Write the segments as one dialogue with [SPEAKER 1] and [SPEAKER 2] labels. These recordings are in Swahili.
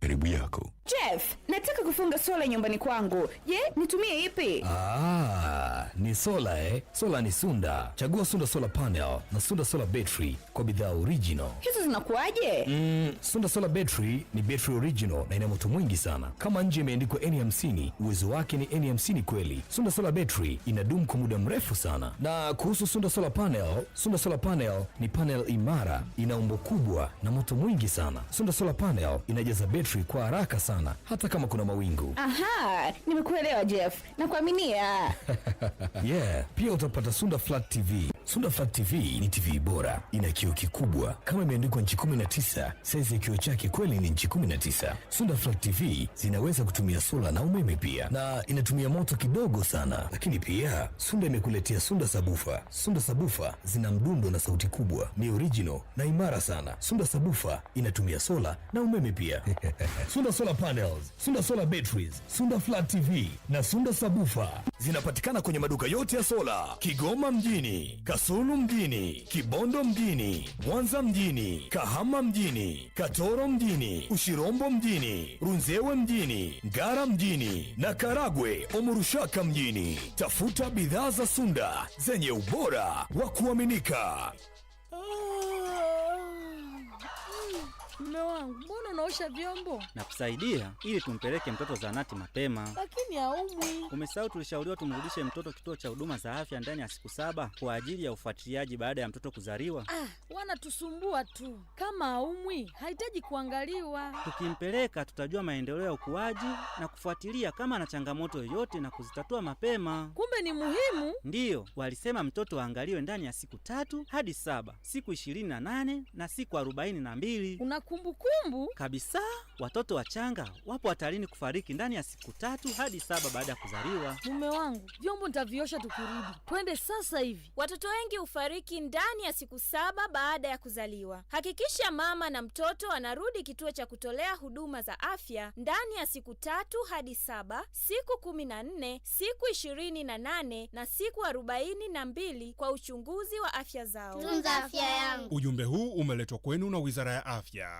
[SPEAKER 1] karibu yako.
[SPEAKER 2] Jeff, nataka kufunga sola nyumbani kwangu. Je, nitumie ipi?
[SPEAKER 1] Ah, ni sola eh? Sola ni Sunda. Chagua Sunda Solar Panel na Sunda Solar Battery kwa bidhaa original.
[SPEAKER 2] Hizo zinakuwaje?
[SPEAKER 1] Mm, Sunda Solar Battery ni battery original na ina moto mwingi sana. Kama nje imeandikwa N50, e uwezo wake ni N50 e kweli. Sunda Solar Battery inadumu kwa muda mrefu sana. Na kuhusu Sunda Solar Panel, Sunda Solar Panel ni panel imara, ina umbo kubwa na moto mwingi sana. Sunda Solar Panel inajaza battery safi kwa haraka sana hata kama kuna mawingu.
[SPEAKER 2] Aha, nimekuelewa Jeff, nakuaminia.
[SPEAKER 1] Yeah, pia utapata Sunda Flat TV. Sunda Flat TV ni TV bora, ina kioo kikubwa kama imeandikwa nchi 19. Saizi ya kioo chake kweli ni nchi 19. Sunda Flat TV zinaweza kutumia sola na umeme pia, na inatumia moto kidogo sana, lakini pia Sunda imekuletea Sunda sabufa. Sunda sabufa zina mdundo na sauti kubwa, ni original na imara sana. Sunda sabufa inatumia sola na umeme pia Sunda Solar Panels, Sunda Solar Batteries, Sunda Flat TV na Sunda Sabufa zinapatikana kwenye maduka yote ya sola Kigoma mjini, Kasulu mjini, Kibondo mjini, Mwanza mjini, Kahama mjini, Katoro mjini, Ushirombo mjini, Runzewe mjini, Ngara mjini na Karagwe Omurushaka mjini. Tafuta bidhaa za Sunda zenye ubora wa kuaminika. Ah.
[SPEAKER 2] Mume wangu, mbona unaosha vyombo?
[SPEAKER 1] Nakusaidia ili tumpeleke mtoto zahanati mapema.
[SPEAKER 2] Lakini aumwi.
[SPEAKER 1] Umesahau tulishauriwa tumrudishe mtoto kituo cha huduma za afya ndani ya siku saba kwa ajili ya ufuatiliaji baada ya mtoto kuzaliwa.
[SPEAKER 2] Ah, wanatusumbua tu. Kama aumwi, hahitaji kuangaliwa.
[SPEAKER 1] Tukimpeleka tutajua maendeleo ya ukuaji na kufuatilia kama ana changamoto yoyote na kuzitatua mapema.
[SPEAKER 2] Kumbe ni muhimu.
[SPEAKER 1] Ndiyo, walisema mtoto aangaliwe ndani ya siku tatu hadi saba, siku ishirini na nane na siku arobaini na mbili.
[SPEAKER 2] Unaku kumbukumbu
[SPEAKER 1] kabisa. Watoto wachanga wapo hatarini kufariki ndani ya siku tatu hadi saba baada ya kuzaliwa.
[SPEAKER 2] Mume wangu, vyombo nitaviosha tukirudi, twende sasa hivi.
[SPEAKER 3] Watoto wengi hufariki ndani ya siku saba baada ya kuzaliwa. Hakikisha mama na mtoto anarudi kituo cha kutolea huduma za afya ndani ya siku tatu hadi saba, siku kumi na nne, siku ishirini na nane na siku arobaini na mbili kwa uchunguzi wa afya zao.
[SPEAKER 4] Tunza afya yangu.
[SPEAKER 5] Ujumbe huu umeletwa kwenu na Wizara ya Afya.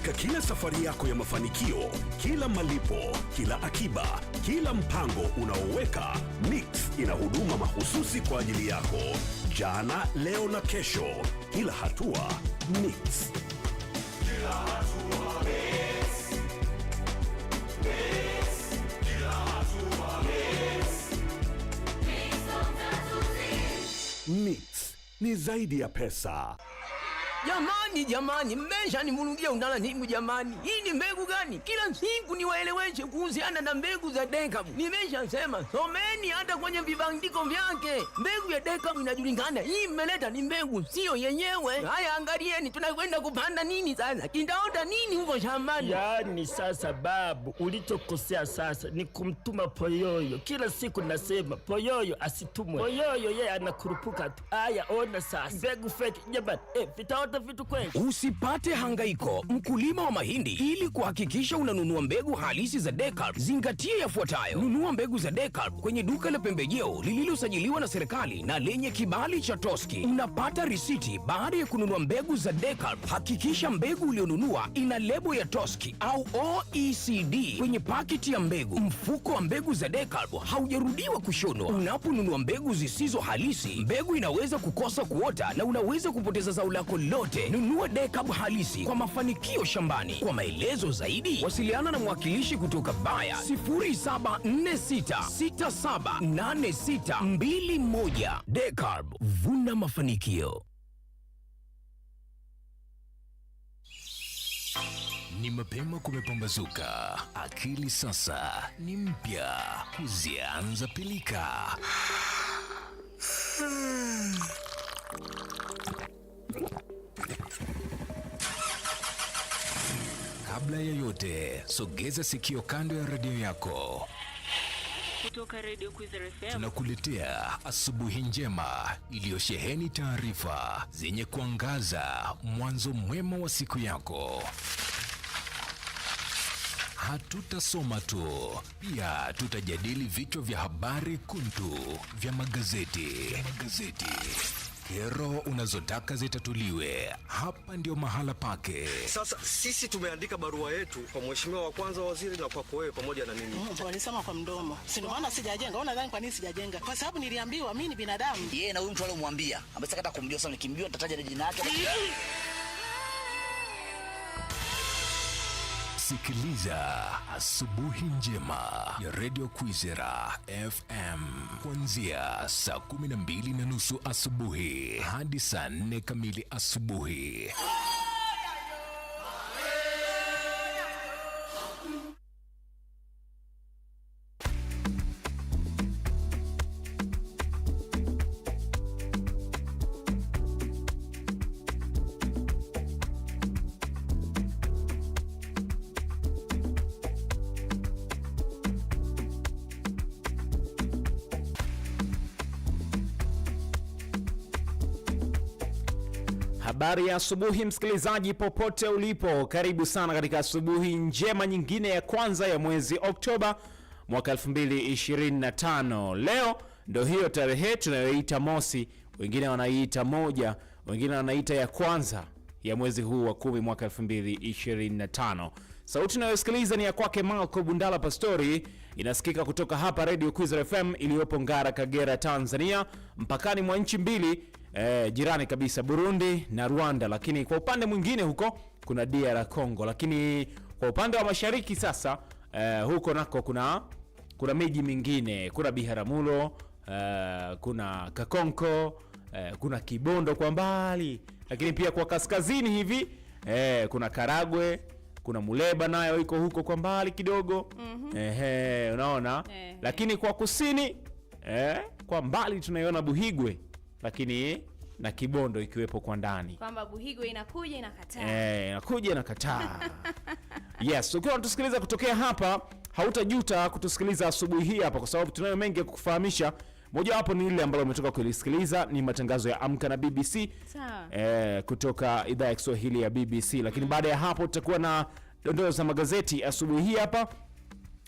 [SPEAKER 5] katika kila safari yako ya mafanikio, kila malipo, kila akiba, kila mpango unaoweka, Mix ina huduma mahususi kwa ajili yako, jana, leo na kesho. Kila hatua Mix,
[SPEAKER 6] kila hatua
[SPEAKER 5] ni zaidi ya pesa.
[SPEAKER 7] Jamani, jamani, mmesha unala nimu jamani. Hii ni mbegu gani? Kila siku niwaeleweshe kuhusiana na mbegu za nimesha sema someni hata kwenye vibandiko vyake. Mbegu ya dekabu inajulikana. Hii mmeleta ni mbegu, sio yenyewe. Haya, angalieni, tunakwenda kupanda nini sasa? Kitaota nini huko shambani?
[SPEAKER 8] yani sasa babu, ulichokosea sasa ni kumtuma Poyoyo. Kila siku nasema Poyoyo asitumwe. Poyoyo yeye anakurupuka tu. Haya, ona sasa mbegu feki jamani, eh, vitaota kupata vitu kwetu.
[SPEAKER 5] Usipate hangaiko, mkulima wa mahindi. Ili kuhakikisha unanunua mbegu halisi za Decarb, zingatia yafuatayo: nunua mbegu za Decarb kwenye duka la pembejeo lililosajiliwa na serikali na lenye kibali cha Toski. Unapata risiti baada ya kununua mbegu za Decarb. Hakikisha mbegu ulionunua ina lebo ya Toski au OECD kwenye pakiti ya mbegu. Mfuko wa mbegu za Decarb haujarudiwa kushonwa. Unaponunua mbegu zisizo halisi, mbegu inaweza kukosa kuota na unaweza kupoteza zao lako lote yote, nunua dekabu halisi kwa mafanikio shambani. Kwa maelezo zaidi, wasiliana na mwakilishi kutoka Baya 0746678621. Dekabu, vuna mafanikio.
[SPEAKER 1] Ni mapema kumepambazuka, akili sasa ni mpya, huzianza pilika. Hmm. Kabla ya yote, sogeza sikio kando ya redio yako.
[SPEAKER 2] Kutoka Radio Kwizera FM
[SPEAKER 1] tunakuletea asubuhi njema iliyosheheni taarifa zenye kuangaza mwanzo mwema wa siku yako. Hatutasoma tu, pia tutajadili vichwa vya habari kuntu vya magazeti, magazeti kero unazotaka zitatuliwe, hapa ndio mahala pake.
[SPEAKER 9] Sasa sisi tumeandika barua yetu kwa mheshimiwa wa kwanza waziri na kwako wewe pamoja na mimi.
[SPEAKER 10] Mm, walisema kwa mdomo, si ndio maana sijajenga. Unadhani kwa nini sijajenga? Kwa sababu niliambiwa mimi ni binadamu.
[SPEAKER 11] Yeye na huyu mtu aliyomwambia amesakata kumjua sana, nikimjua nitataja jina lake
[SPEAKER 1] Sikiliza Asubuhi Njema ya Radio Kwizera FM kuanzia saa kumi na mbili na nusu asubuhi hadi saa nne kamili asubuhi.
[SPEAKER 12] Habari ya asubuhi msikilizaji, popote ulipo, karibu sana katika asubuhi njema nyingine ya kwanza ya mwezi Oktoba mwaka 2025. Leo ndo hiyo tarehe tunayoita mosi, wengine wanaiita moja, wengine wanaiita ya kwanza ya mwezi huu wa kumi mwaka 2025. Sauti unayosikiliza ni ya kwake Marco Bundala Pastori, inasikika kutoka hapa Radio Kwizera FM iliyopo Ngara, Kagera, Tanzania, mpakani mwa nchi mbili eh, jirani kabisa Burundi na Rwanda, lakini kwa upande mwingine huko kuna DR Congo, lakini kwa upande wa mashariki sasa eh, huko nako kuna kuna miji mingine, kuna Biharamulo eh, kuna Kakonko eh, kuna Kibondo kwa mbali, lakini pia kwa kaskazini hivi eh, kuna Karagwe kuna Muleba nayo iko huko kwa mbali kidogo mm -hmm. Ehe, unaona Ehe. Lakini kwa kusini eh, kwa mbali tunaiona Buhigwe lakini na Kibondo ikiwepo kwa ndani
[SPEAKER 13] kwamba Buhigwe inakuja inakataa,
[SPEAKER 12] eh, inakuja inakataa. Yes, ukiwa unatusikiliza kutokea hapa, hautajuta kutusikiliza asubuhi hii hapa, kwa sababu tunayo mengi ya kukufahamisha. Mojawapo ni ile ambalo umetoka kulisikiliza ni matangazo ya Amka na BBC eh, kutoka idhaa ya Kiswahili ya BBC, lakini mm-hmm. baada ya hapo tutakuwa na dondoo za magazeti asubuhi hii hapa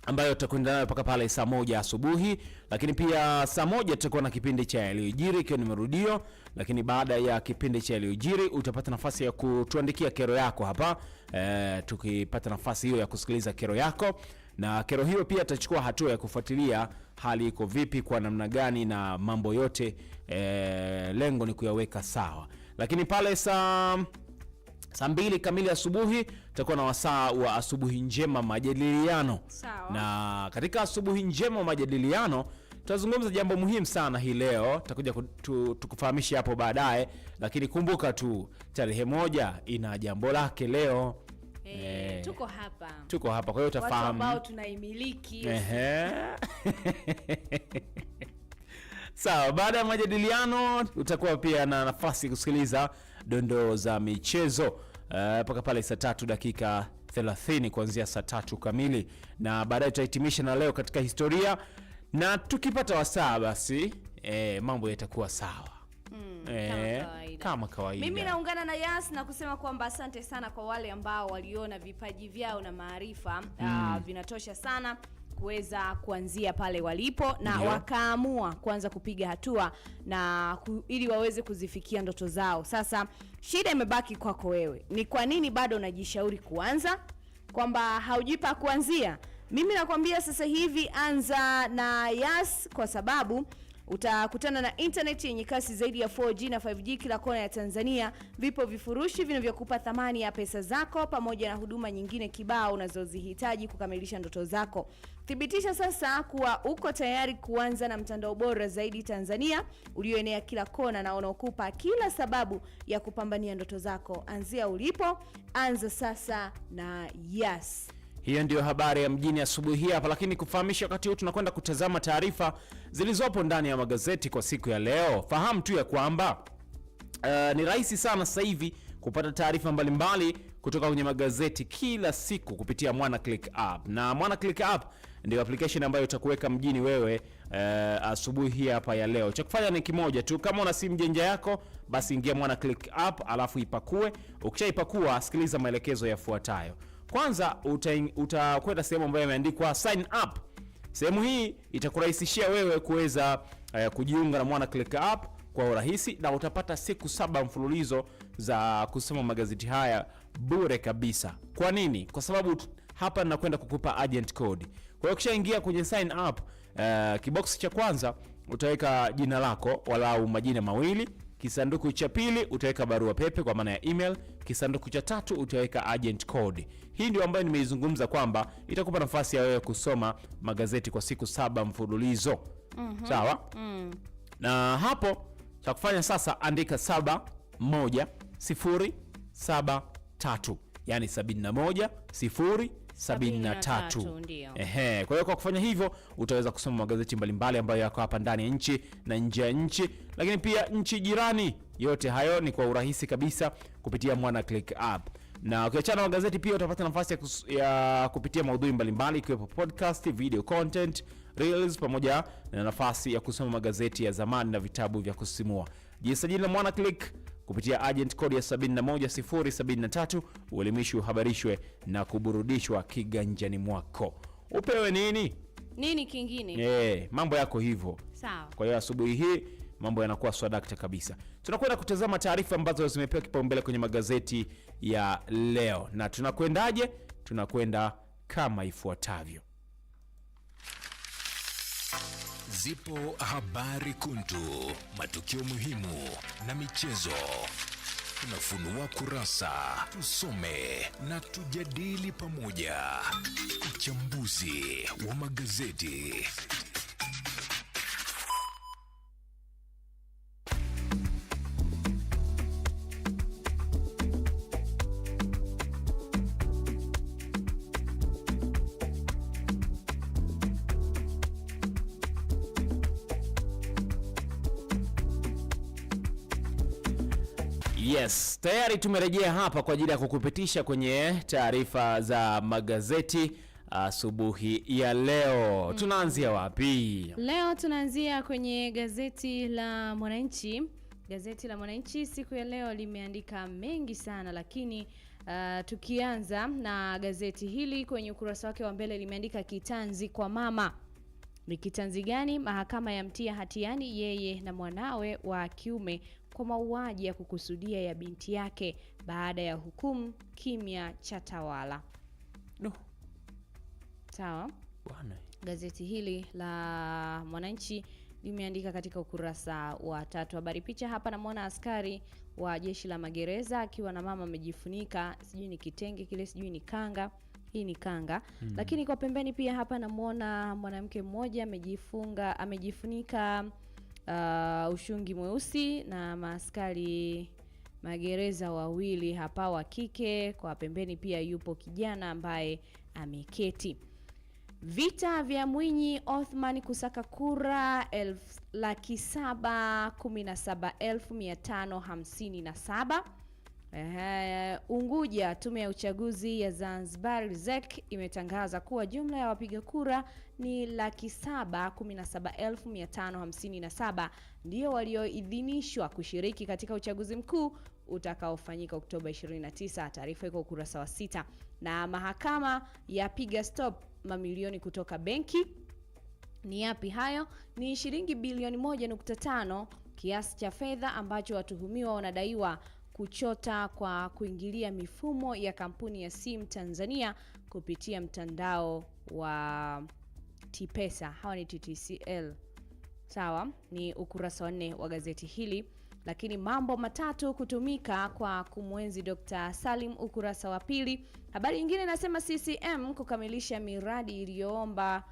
[SPEAKER 12] ambayo tutakwenda nayo mpaka pale saa moja asubuhi, lakini pia saa moja tutakuwa na kipindi cha yaliyojiri ikiwa ni marudio. Lakini baada ya kipindi cha yaliyojiri utapata nafasi ya kutuandikia kero yako hapa e, tukipata nafasi hiyo ya kusikiliza kero yako, na kero hiyo pia tutachukua hatua ya kufuatilia hali iko vipi, kwa namna gani na mambo yote e, lengo ni kuyaweka sawa, lakini pale saa Saa mbili kamili asubuhi tutakuwa na wasaa wa asubuhi njema majadiliano. Sao. Na katika asubuhi njema majadiliano tutazungumza jambo muhimu sana hii leo, tutakuja tukufahamisha hapo baadaye, lakini kumbuka tu tarehe moja ina jambo lake leo.
[SPEAKER 13] E, tuko hapa, tuko hapa, kwa hiyo utafahamu watu ambao tunaimiliki.
[SPEAKER 12] Sawa, baada ya majadiliano utakuwa pia na nafasi ya kusikiliza dondoo za michezo eh, mpaka uh, pale saa tatu dakika 30 kuanzia saa tatu kamili, na baadaye tutahitimisha na leo katika historia, na tukipata wasaa basi eh, mambo yatakuwa sawa.
[SPEAKER 13] Mm, kama kawaida.
[SPEAKER 12] Kama kawaida.
[SPEAKER 14] Mimi naungana na Yas na kusema kwamba asante sana kwa wale ambao waliona vipaji vyao na maarifa mm, uh, vinatosha sana kuweza kuanzia pale walipo na yeah. Wakaamua kuanza kupiga hatua na ku, ili waweze kuzifikia ndoto zao. Sasa shida imebaki kwako wewe, ni kwa nini bado unajishauri kuanza kwamba haujipa kuanzia? Mimi nakwambia sasa hivi anza na Yas kwa sababu Utakutana na intaneti yenye kasi zaidi ya 4G na 5G kila kona ya Tanzania. Vipo vifurushi vinavyokupa thamani ya pesa zako pamoja na huduma nyingine kibao unazozihitaji kukamilisha ndoto zako. Thibitisha sasa kuwa uko tayari kuanza na mtandao bora zaidi Tanzania ulioenea kila kona na unaokupa kila sababu ya kupambania ndoto zako. Anzia ulipo, anza sasa na Yes.
[SPEAKER 12] Hiyo ndiyo habari ya mjini asubuhi hapa, lakini kufahamisha, wakati huu tunakwenda kutazama taarifa zilizopo ndani ya magazeti kwa siku ya leo. Fahamu tu ya kwamba uh, ni rahisi sana sasa hivi kupata taarifa mbalimbali kutoka kwenye magazeti kila siku kupitia Mwana Click App, na Mwana Click App ndio application ambayo itakuweka mjini wewe uh, asubuhi hapa ya leo. Cha kufanya ni kimoja tu, kama una simu janja yako, basi ingia Mwana Click App alafu ipakue. Ukishaipakua, sikiliza maelekezo yafuatayo. Kwanza utakwenda uta sehemu ambayo imeandikwa sign up. Sehemu hii itakurahisishia wewe kuweza uh, kujiunga na Mwana Click App kwa urahisi na utapata siku saba mfululizo za kusoma magazeti haya bure kabisa. Kwa nini? Kwa sababu hapa nakwenda kukupa agent code. Kwa hiyo ukishaingia kwenye sign up, uh, eh, kiboksi cha kwanza utaweka jina lako walau majina mawili Kisanduku cha pili utaweka barua pepe kwa maana ya email. Kisanduku cha tatu utaweka agent code. Hii ndio ambayo nimeizungumza kwamba itakupa nafasi ya wewe kusoma magazeti kwa siku saba mfululizo. mm -hmm. Sawa? mm. Na hapo cha kufanya sasa, andika saba moja sifuri saba tatu, yani 71 73. kwa hiyo kwa kufanya hivyo utaweza kusoma magazeti mbalimbali ambayo yako hapa ndani ya nchi na nje ya nchi, lakini pia nchi jirani. Yote hayo ni kwa urahisi kabisa kupitia Mwana Click app na ukiachana na magazeti pia utapata nafasi ya kupitia maudhui mbalimbali ikiwepo podcast, video content, reels pamoja na nafasi ya kusoma magazeti ya zamani na vitabu vya kusimua Jisajili na Mwana Click kupitia agent kodi ya 71073 uelimishi uhabarishwe na kuburudishwa kiganjani mwako. Upewe nini
[SPEAKER 13] nini kingine?
[SPEAKER 12] E, mambo yako hivyo sawa. Kwa hiyo asubuhi hii mambo yanakuwa swadakta kabisa. Tunakwenda kutazama taarifa ambazo zimepewa kipaumbele kwenye magazeti ya leo, na tunakwendaje? Tunakwenda kama ifuatavyo.
[SPEAKER 5] Zipo habari kuntu, matukio muhimu na michezo. Tunafunua kurasa, tusome na tujadili pamoja. Uchambuzi wa magazeti.
[SPEAKER 12] Yes, tayari tumerejea hapa kwa ajili ya kukupitisha kwenye taarifa za magazeti asubuhi ya leo. Mm. Tunaanzia wapi?
[SPEAKER 13] Leo tunaanzia kwenye gazeti la Mwananchi. Gazeti la Mwananchi siku ya leo limeandika mengi sana lakini Uh, tukianza na gazeti hili kwenye ukurasa wake wa mbele limeandika kitanzi kwa mama. Ni kitanzi gani? Mahakama yamtia hatiani yeye na mwanawe wa kiume kwa mauaji ya kukusudia ya binti yake baada ya hukumu kimya cha tawala. No. Sawa. Gazeti hili la Mwananchi limeandika katika ukurasa wa tatu habari. Picha hapa, namwona askari wa jeshi la magereza akiwa na mama amejifunika, sijui ni kitenge kile, sijui ni kanga hii ni kanga mm. Lakini kwa pembeni pia hapa namwona mwanamke mmoja amejifunga amejifunika uh, ushungi mweusi na maaskari magereza wawili hapa wa kike. Kwa pembeni pia yupo kijana ambaye ameketi. Vita vya Mwinyi Othman kusaka kura 717557 Unguja, tume ya uchaguzi ya Zanzibar zek imetangaza kuwa jumla ya wapiga kura ni laki saba kumi na saba elfu mia tano hamsini na saba ndio walioidhinishwa kushiriki katika uchaguzi mkuu utakaofanyika Oktoba 29. Taarifa iko ukurasa wa sita. Na mahakama yapiga stop mamilioni kutoka benki. Ni yapi hayo? Ni shilingi bilioni 1.5, kiasi cha fedha ambacho watuhumiwa wanadaiwa kuchota kwa kuingilia mifumo ya kampuni ya simu Tanzania kupitia mtandao wa Tipesa, hawa ni TTCL. Sawa, ni ukurasa wa nne wa gazeti hili. Lakini mambo matatu kutumika kwa kumwenzi Dr. Salim, ukurasa wa pili. Habari nyingine inasema CCM kukamilisha miradi iliyoomba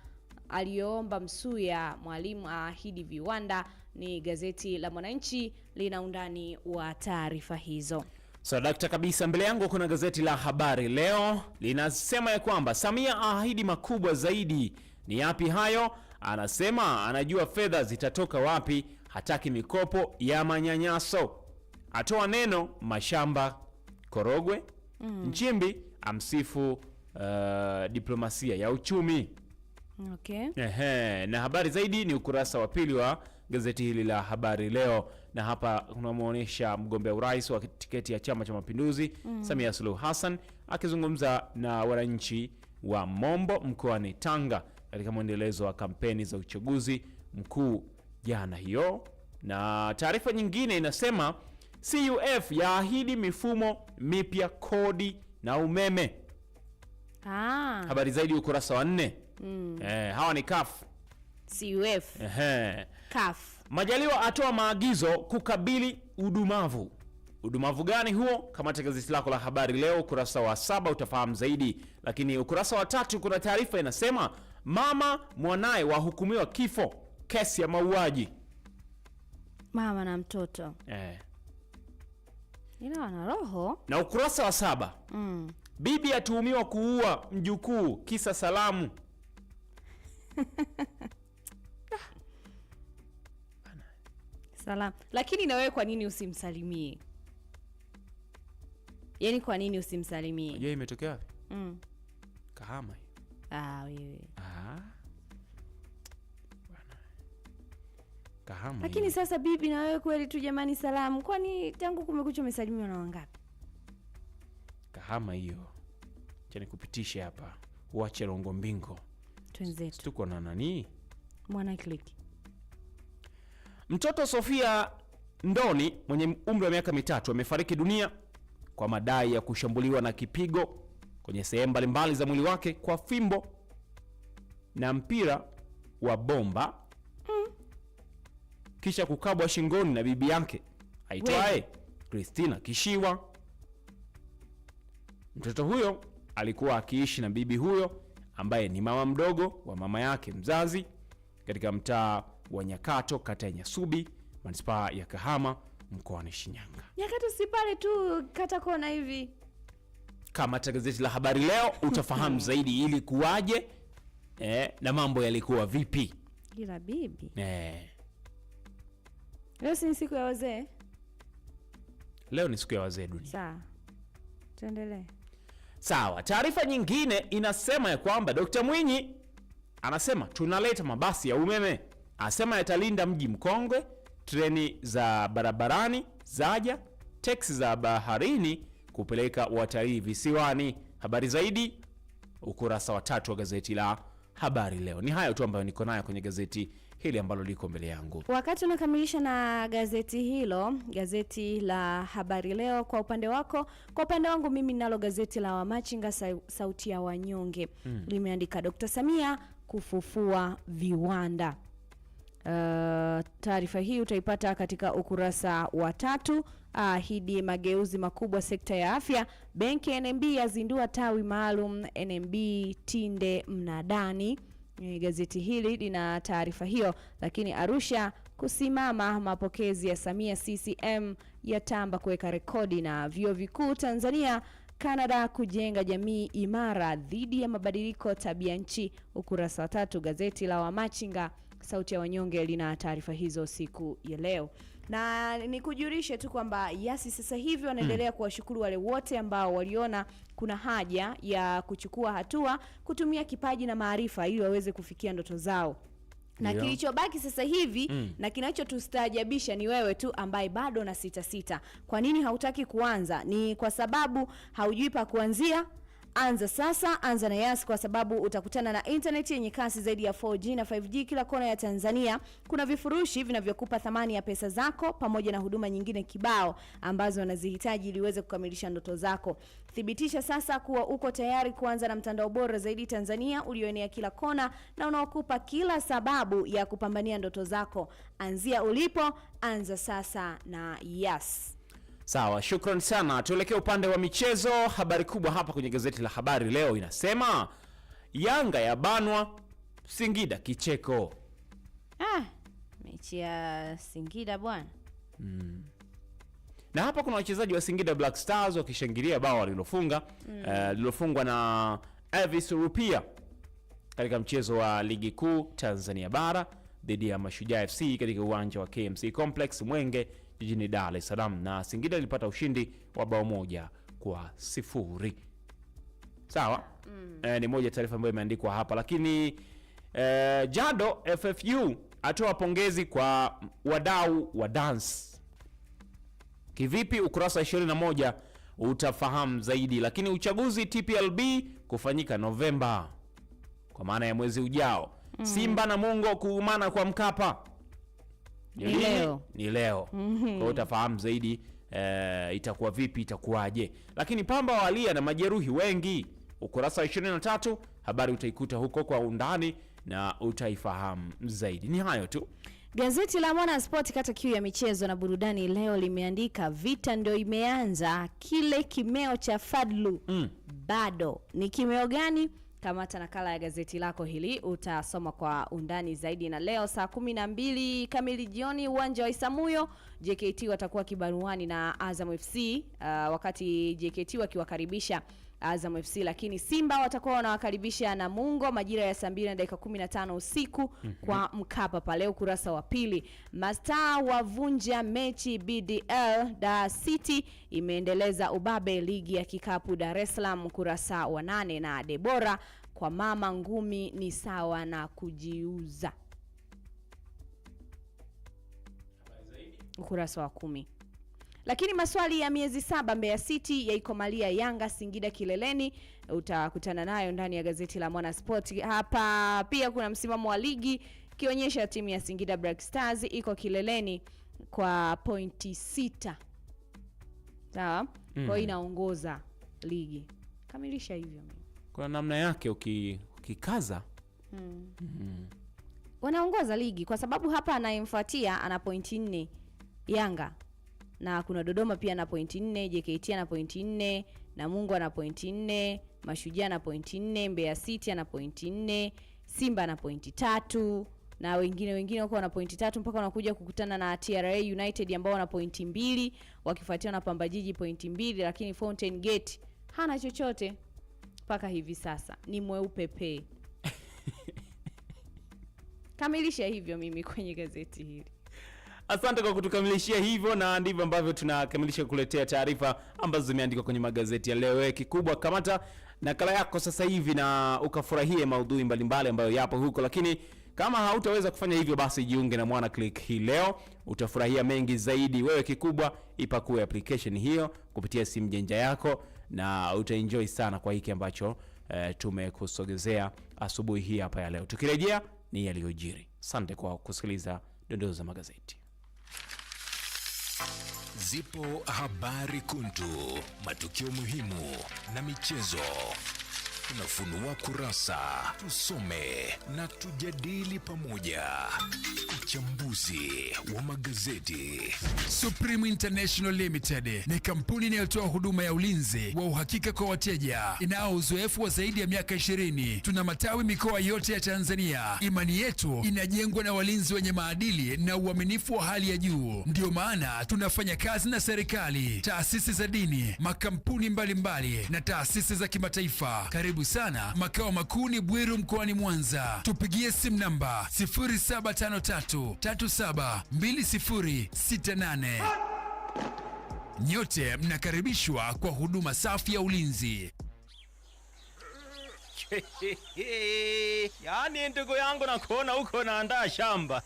[SPEAKER 13] aliyoomba Msuya, Mwalimu aahidi viwanda. Ni gazeti la Mwananchi, lina undani wa taarifa hizo.
[SPEAKER 12] So, dakta kabisa mbele yangu kuna gazeti la Habari Leo linasema ya kwamba Samia aahidi makubwa zaidi ni yapi hayo? Anasema anajua fedha zitatoka wapi, hataki mikopo ya manyanyaso. Atoa neno mashamba Korogwe. Mm. Nchimbi amsifu uh, diplomasia ya uchumi. Okay. Ehe, na habari zaidi ni ukurasa wa pili wa gazeti hili la Habari Leo, na hapa unamwonyesha mgombea urais wa tiketi ya Chama cha Mapinduzi mm. Samia Suluhu Hassan akizungumza na wananchi wa Mombo mkoani Tanga katika mwendelezo wa kampeni za uchaguzi mkuu jana hiyo. Na taarifa nyingine inasema CUF yaahidi mifumo mipya kodi na umeme. Ah. Habari zaidi ukurasa wa nne. Mm. Eh, hawa ni CUF.
[SPEAKER 13] CUF.
[SPEAKER 12] Eh, CUF. Majaliwa atoa maagizo kukabili udumavu. Udumavu gani huo? Kamata gazeti lako la habari leo ukurasa wa saba utafahamu zaidi, lakini ukurasa wa tatu kuna taarifa inasema Mama mwanaye wahukumiwa kifo kesi ya mauaji.
[SPEAKER 13] Mama na mtoto eh. Ila wana roho.
[SPEAKER 12] Na ukurasa wa saba mm. Bibi atuhumiwa kuua mjukuu kisa salamu.
[SPEAKER 13] Salam. Lakini na wewe kwa nini usimsalimie? Yaani kwa nini usimsalimie?
[SPEAKER 12] Je, imetokea wapi? Mm. Kahama. Ah, Ah. Bwana.
[SPEAKER 13] Lakini hii. Sasa bibi na wewe kweli tu jamani salamu. Kwani tangu kumekucha umesalimiwa na wangapi?
[SPEAKER 12] Kahama hiyo. Acha nikupitishe hapa. Uache longo mbingo. Twenzetu. Tuko na nani?
[SPEAKER 13] Mwana kliki.
[SPEAKER 12] Mtoto Sofia Ndoni mwenye umri wa miaka mitatu amefariki dunia kwa madai ya kushambuliwa na kipigo kwenye sehemu mbalimbali za mwili wake kwa fimbo na mpira wa bomba hmm. kisha kukabwa shingoni na bibi yake aitwaye kristina Kishiwa. Mtoto huyo alikuwa akiishi na bibi huyo ambaye ni mama mdogo wa mama yake mzazi katika mtaa wa Nyakato, kata ya Nyasubi, manispaa ya Kahama, mkoani Shinyanga.
[SPEAKER 13] Nyakato si pale tu kata kona hivi
[SPEAKER 12] kamata gazeti la habari leo utafahamu zaidi kuwaje eh, na mambo yalikuwa vipi.
[SPEAKER 13] Ila bibi eh, leo si siku ya wazee,
[SPEAKER 12] leo ni siku ya wazee
[SPEAKER 13] Sawa, tuendelee.
[SPEAKER 12] Sawa, taarifa nyingine inasema ya kwamba Dkt. Mwinyi anasema tunaleta mabasi ya umeme, asema yatalinda mji mkongwe, treni za barabarani zaja, teksi za baharini kupeleka watalii visiwani. Habari zaidi ukurasa wa tatu wa gazeti la Habari Leo. Ni hayo tu ambayo niko nayo kwenye gazeti hili ambalo liko mbele yangu.
[SPEAKER 13] Wakati unakamilisha na gazeti hilo, gazeti la Habari Leo kwa upande wako. Kwa upande wangu mimi nalo gazeti la Wamachinga sauti ya wanyonge hmm, limeandika Dr. Samia kufufua viwanda. Uh, taarifa hii utaipata katika ukurasa wa tatu ahidi mageuzi makubwa sekta ya afya. Benki ya NMB yazindua tawi maalum NMB Tinde Mnadani. Gazeti hili lina taarifa hiyo. Lakini Arusha kusimama mapokezi ya Samia, CCM yatamba kuweka rekodi, na vyuo vikuu Tanzania Canada kujenga jamii imara dhidi ya mabadiliko tabia nchi, ukurasa wa tatu. Gazeti la Wamachinga Sauti ya Wanyonge lina taarifa hizo siku ya leo na nikujulishe tu kwamba Yasi sasa hivi wanaendelea mm. kuwashukuru wale wote ambao waliona kuna haja ya kuchukua hatua kutumia kipaji na maarifa ili waweze kufikia ndoto zao na yeah. Kilichobaki sasa hivi mm. na kinachotustaajabisha ni wewe tu ambaye bado na sita sita. Kwa nini hautaki kuanza? Ni kwa sababu haujui pa kuanzia Anza sasa, anza na Yas kwa sababu utakutana na intaneti yenye kasi zaidi ya 4G na 5G kila kona ya Tanzania. Kuna vifurushi vinavyokupa thamani ya pesa zako pamoja na huduma nyingine kibao ambazo unazihitaji ili uweze kukamilisha ndoto zako. Thibitisha sasa kuwa uko tayari kuanza na mtandao bora zaidi Tanzania ulioenea kila kona na unaokupa kila sababu ya kupambania ndoto zako. Anzia ulipo, anza sasa na Yas.
[SPEAKER 12] Sawa, shukran sana. Tuelekee upande wa michezo. Habari kubwa hapa kwenye gazeti la habari leo inasema Yanga ya banwa Singida kicheko.
[SPEAKER 13] Ah, mechi ya Singida bwana
[SPEAKER 12] mm. Na hapa kuna wachezaji wa Singida Black Stars wakishangilia bao walilofunga lililofungwa hmm. eh, mm. uh, na Elvis Rupia katika mchezo wa ligi kuu Tanzania bara dhidi ya Mashujaa FC katika uwanja wa KMC Complex Mwenge jijini Dar es Salaam na Singida ilipata ushindi wa bao moja kwa sifuri. Sawa, mm. E, ni moja taarifa ambayo imeandikwa hapa, lakini e, Jado FFU atoa pongezi kwa wadau wa dance. Kivipi? Ukurasa 21 utafahamu zaidi, lakini uchaguzi TPLB kufanyika Novemba kwa maana ya mwezi ujao. Mm. Simba na Mungo kuumana kwa Mkapa
[SPEAKER 13] ni leo, ni leo. Mm -hmm.
[SPEAKER 12] Kwa utafahamu zaidi e, itakuwa vipi, itakuwaje. Lakini Pamba walia na majeruhi wengi, ukurasa wa 23 habari utaikuta huko kwa undani na utaifahamu zaidi. Ni hayo tu.
[SPEAKER 13] Gazeti la Mwana Sport kata kiu ya michezo na burudani leo limeandika vita ndio imeanza, kile kimeo cha Fadlu mm. bado ni kimeo gani?
[SPEAKER 14] Kamata nakala ya gazeti lako hili utasoma kwa undani zaidi, na leo saa 12 kamili jioni uwanja wa Isamuyo JKT watakuwa kibaruani na Azam FC uh, wakati JKT wakiwakaribisha Azam FC, lakini Simba watakuwa wanawakaribisha Namungo majira ya saa mbili na dakika 15 usiku mm -hmm. kwa Mkapa pale, ukurasa wa pili. Mastaa wavunja mechi BDL, Dar City imeendeleza ubabe ligi ya kikapu Dar es Salaam, ukurasa wa nane, na Debora kwa mama ngumi ni sawa na kujiuza. ukurasa wa kumi. Lakini maswali ya miezi saba Mbeya City yaikomalia Yanga Singida kileleni, utakutana nayo ndani ya gazeti la Mwana Sport. Hapa pia kuna msimamo wa ligi ikionyesha timu ya Singida Black Stars iko kileleni kwa pointi sita. Sawa? Mm. Kwa inaongoza ligi. Kamilisha hivyo kuna
[SPEAKER 12] Kwa namna yake uki, ukikaza. Mm. Mm.
[SPEAKER 14] Wanaongoza ligi kwa sababu hapa anayemfuatia ana pointi nne. Yanga na kuna Dodoma pia na pointi nne, JKT ana pointi nne, Namungo ana pointi nne, Mashujaa ana pointi nne, Mbeya City ana pointi nne, Simba ana pointi tatu na wengine wengine wako na pointi tatu mpaka wanakuja kukutana na TRA United ambao wana pointi mbili wakifuatiwa na Pamba Jiji pointi mbili, lakini Fountain Gate hana chochote mpaka hivi sasa, ni mweupe pe. Kamilisha hivyo mimi kwenye gazeti hili.
[SPEAKER 12] Asante kwa kutukamilishia hivyo, na ndivyo ambavyo tunakamilisha kuletea taarifa ambazo zimeandikwa kwenye magazeti ya leo. Eh, kikubwa kamata nakala yako sasa hivi na ukafurahie maudhui mbalimbali ambayo yapo huko, lakini kama hautaweza kufanya hivyo, basi jiunge na Mwana Click hii leo, utafurahia mengi zaidi. Wewe kikubwa ipakue application hiyo kupitia simu janja yako na utaenjoy sana kwa hiki ambacho e, tumekusogezea asubuhi hii hapa ya leo, tukirejea ni yaliyojiri. Asante kwa kusikiliza dondoo za magazeti.
[SPEAKER 5] Zipo habari kuntu, matukio muhimu na michezo. Tunafunua kurasa, tusome na tujadili pamoja. Uchambuzi wa magazeti. Supreme International Limited ni kampuni inayotoa huduma ya ulinzi wa uhakika kwa wateja, inao uzoefu wa zaidi ya miaka 20. Tuna matawi mikoa yote ya Tanzania. Imani yetu inajengwa na walinzi wenye maadili na uaminifu wa hali ya juu. Ndiyo maana tunafanya kazi na serikali, taasisi za dini, makampuni mbalimbali mbali, na taasisi za kimataifa. Karibu karibu sana makao makuu ni Bwiru mkoani Mwanza. Tupigie simu namba 0753372068. Nyote mnakaribishwa kwa huduma safi ya ulinzi.
[SPEAKER 15] yaani ndugu yangu, nakuona na naandaa shamba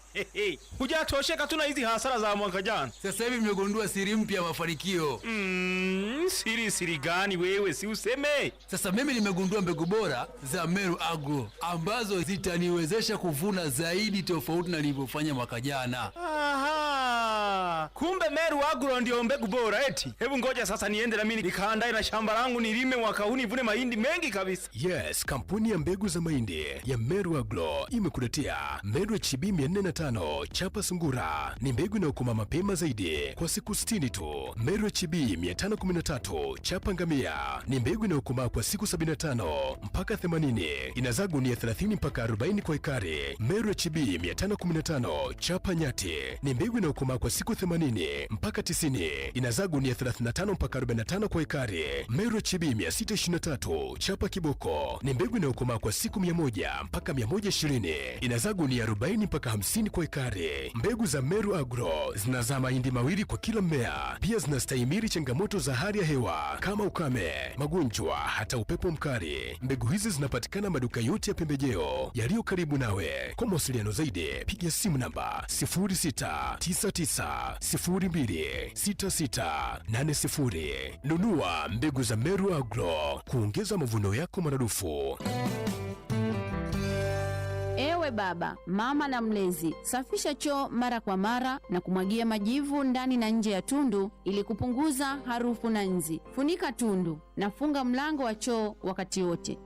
[SPEAKER 15] hujatosheka tu na hizi hasara za mwaka jana.
[SPEAKER 16] Sasa hivi nimegundua siri mpya ya mafanikio.
[SPEAKER 15] Mm, siri siri gani wewe, si useme?
[SPEAKER 16] Sasa mimi nimegundua mbegu bora za Meru Agro ambazo zitaniwezesha kuvuna zaidi tofauti na nilivyofanya mwaka jana.
[SPEAKER 15] Aha kumbe Meru Agro ndio mbegu bora eti. Hebu ngoja sasa niende na mimi nikaandae na shamba langu nilime mwaka huu nivune mahindi mengi kabisa.
[SPEAKER 5] Yes, kampuni ya mbegu za mahindi ya Meru Agro imekuletea Meru HB 405 chapa sungura. Ni mbegu inayokoma mapema zaidi kwa siku 60 tu. Meru HB 513 chapa ngamia ni mbegu inayokomaa kwa siku 75 mpaka 80, inazaa gunia 30 mpaka 40 kwa ekari. Meru HB 515 chapa nyati ni mbegu inayokomaa kwa siku 80 mpaka 90. Inazaa gunia 35 mpaka 45 kwa ekari. Meru chibi 623 chapa kiboko ni mbegu inayokomaa kwa siku 100 mpaka 120. Inazaa gunia 40 mpaka 50 kwa ekari. Mbegu za Meru Agro zinazaa mahindi mawili kwa kila mmea, pia zinastahimili changamoto za hali ya hewa kama ukame, magonjwa, hata upepo mkali. Mbegu hizi zinapatikana maduka yote ya pembejeo yaliyo karibu nawe. Kwa mawasiliano zaidi, piga simu namba 0699 tisa Nunua mbegu za Meru Agro kuongeza mavuno yako maradufu.
[SPEAKER 17] Ewe baba, mama na mlezi, safisha choo mara kwa mara na kumwagia majivu ndani na nje ya tundu ili kupunguza harufu na nzi. Funika tundu na funga mlango wa choo wakati wote.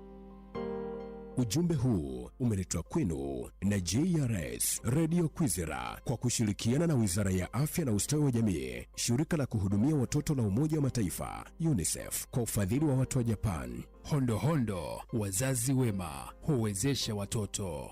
[SPEAKER 5] Ujumbe huu umeletwa kwenu na JRS Radio Kwizera kwa kushirikiana na Wizara ya Afya na Ustawi wa Jamii, Shirika la Kuhudumia Watoto la Umoja wa Mataifa UNICEF, kwa ufadhili wa watu wa Japan. Hondohondo, wazazi wema huwezesha watoto.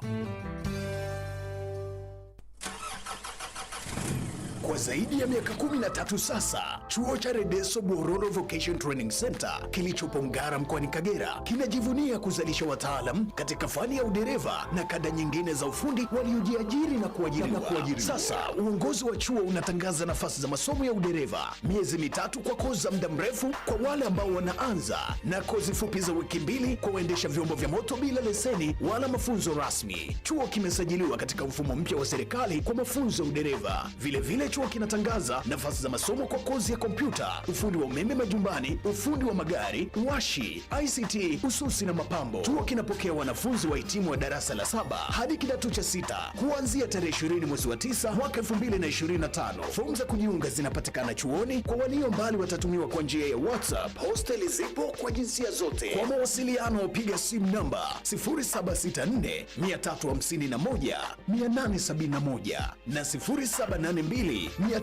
[SPEAKER 5] Kwa zaidi ya miaka 1tatu sasa, chuo cha Redeso Bororo Vocation Training Center kilichopo Ngara mkoani Kagera kinajivunia kuzalisha wataalam katika fani ya udereva na kada nyingine za ufundi waliojiajiri na kuajiriwa. Sasa uongozi wa chuo unatangaza nafasi za masomo ya udereva miezi mitatu kwa kozi za muda mrefu kwa wale ambao wanaanza na kozi fupi za wiki mbili kwa waendesha vyombo vya moto bila leseni wala mafunzo rasmi. Chuo kimesajiliwa katika mfumo mpya wa serikali kwa mafunzo ya udereva vilevile chuo kinatangaza nafasi za masomo kwa kozi ya kompyuta, ufundi wa umeme majumbani, ufundi wa magari, washi, ICT, ususi na mapambo. Chuo kinapokea wanafunzi wa hitimu wa darasa la saba hadi kidato cha sita kuanzia tarehe 20 mwezi wa 9 mwaka 2025. Fomu za kujiunga zinapatikana chuoni, kwa walio mbali watatumiwa kwa njia ya WhatsApp. Hosteli zipo kwa jinsia zote. Kwa mawasiliano piga simu namba 0764 351 871 na 0782 mbili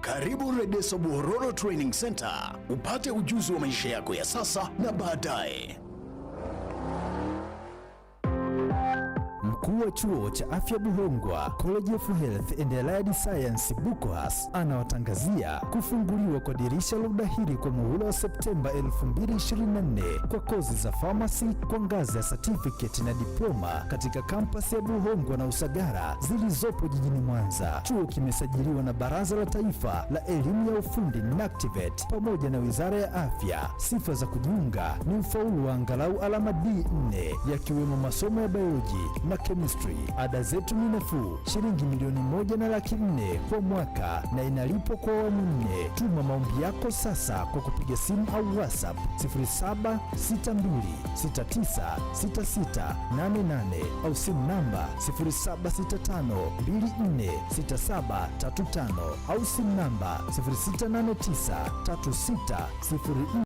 [SPEAKER 5] Karibu Redeso Buhororo Training Center upate ujuzi wa maisha yako ya sasa na baadaye. Mkuu wa Chuo cha Afya Buhongwa, College of Health and Allied Science BUCOAS, anawatangazia kufunguliwa kwa dirisha la udahili kwa muhula wa Septemba 2024 kwa kozi za pharmacy kwa ngazi ya certificate na diploma katika kampasi ya Buhongwa na Usagara zilizopo jijini Mwanza. Chuo kimesajiliwa na Baraza la Taifa la Elimu ya Ufundi NACTVET pamoja na Wizara ya Afya. Sifa za kujiunga ni ufaulu wa angalau alama D4 yakiwemo masomo ya biology Chemistry. Ada zetu ni nafuu, shilingi milioni moja na laki nne kwa mwaka na inalipwa kwa awamu nne. Tuma maombi yako sasa kwa kupiga simu au WhatsApp 0762696688 au simu namba 0765246735 au simu namba 0689360